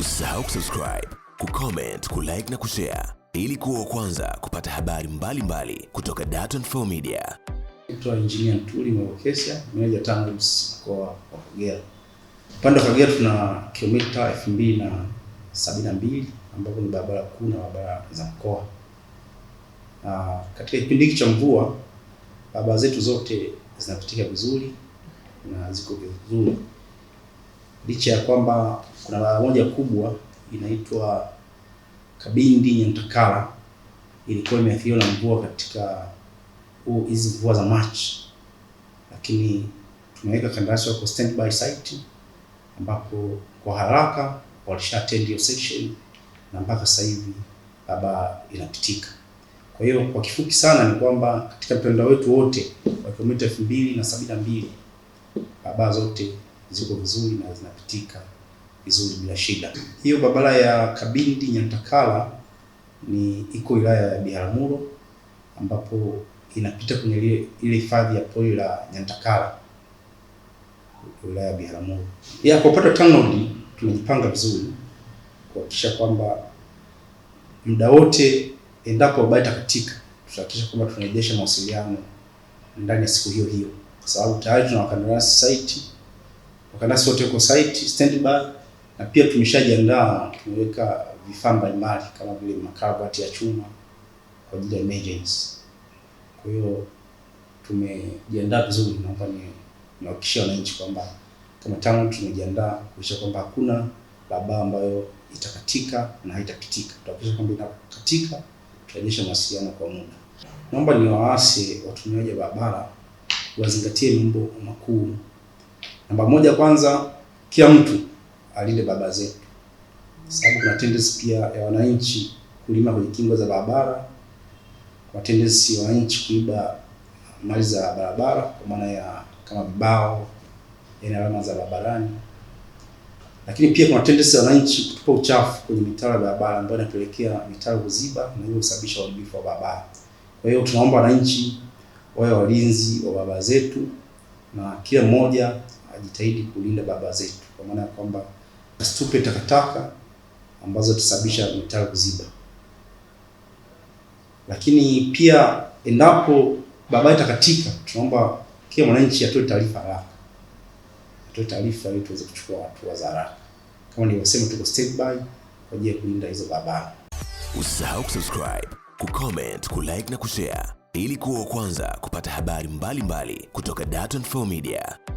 Usisahau kusubscribe, kucomment, kulike na kushare ili kuwa kwanza kupata habari mbalimbali mbali kutoka Dar24 Media. Naitwa Injinia Mtuli Mwelekesa, meneja TANROADS mkoa wa Kagera. Upande wa Kagera tuna kilomita mbili ambapo ni barabara kuu na barabara za mkoa. Na katika kipindi hiki cha mvua barabara zetu zote zinapitika vizuri na ziko vizuri licha ya kwamba kuna barabara moja kubwa inaitwa Kabindi Nyantakala ilikuwa imeathiriwa na mvua katika hizi mvua za Machi, lakini tumeweka kandarasi wako standby site, ambapo kwa haraka attend hiyo section na mpaka sasa hivi baba inapitika. Kwa hiyo kwa kifupi sana ni kwamba katika mtandao wetu wote wa kilomita elfu mbili na sabini na mbili barabara zote ziko vizuri na zinapitika vizuri bila shida. Hiyo barabara ya Kabindi Nyantakala ni iko wilaya ya Biharamulo ambapo inapita kwenye ile hifadhi ya pori la Nyantakala wilaya ya Biharamulo. Ya kwa upande wa TANROADS tumejipanga vizuri kuhakikisha kwamba muda wote endapo barabara itakatika, tutahakikisha kwamba tunarejesha mawasiliano ndani ya siku hiyo hiyo, kwa sababu tayari tuna wakandarasi site Wakandarasi wote wako site standby, na pia tumeshajiandaa, tumeweka vifaa mbalimbali kama vile makabati ya chuma kwa ajili ya emergency. Kwa hiyo tumejiandaa vizuri, naomba ni nawahakikishia wananchi kwamba kama tangu tumejiandaa kuhakikisha kwamba hakuna barabara ambayo itakatika na haitapitika. Tutahakikisha kwamba inakatika, tutarejesha mawasiliano kwa muda. Naomba niwaase watumiaji wa barabara wazingatie mambo makuu Namba moja, kwanza kila mtu alinde baba zetu, sababu kuna tendency pia ya wananchi kulima kwenye kingo za barabara, kwa tendency ya wananchi kuiba mali za barabara, kwa maana ya kama vibao, yaani alama za barabarani. Lakini pia kuna tendency ya wananchi kutupa uchafu kwenye mitaro ya barabara, ambayo inapelekea mitaro kuziba na hiyo kusababisha uharibifu wa barabara. Kwa hiyo tunaomba wananchi wawe walinzi wa baba zetu na kila mmoja akajitahidi kulinda baba zetu, kwa maana ya kwamba asitupe takataka ambazo tusababisha mitaro kuziba. Lakini pia endapo baba itakatika, tunaomba kila mwananchi atoe taarifa haraka, atoe taarifa ili tuweze kuchukua hatua za haraka. Kama nilivyosema, tuko standby kwa ajili ya kulinda hizo barabara. Usisahau kusubscribe, kucomment, kulike na kushare ili kuwa wa kwanza kupata habari mbalimbali mbali kutoka Dar24 Media.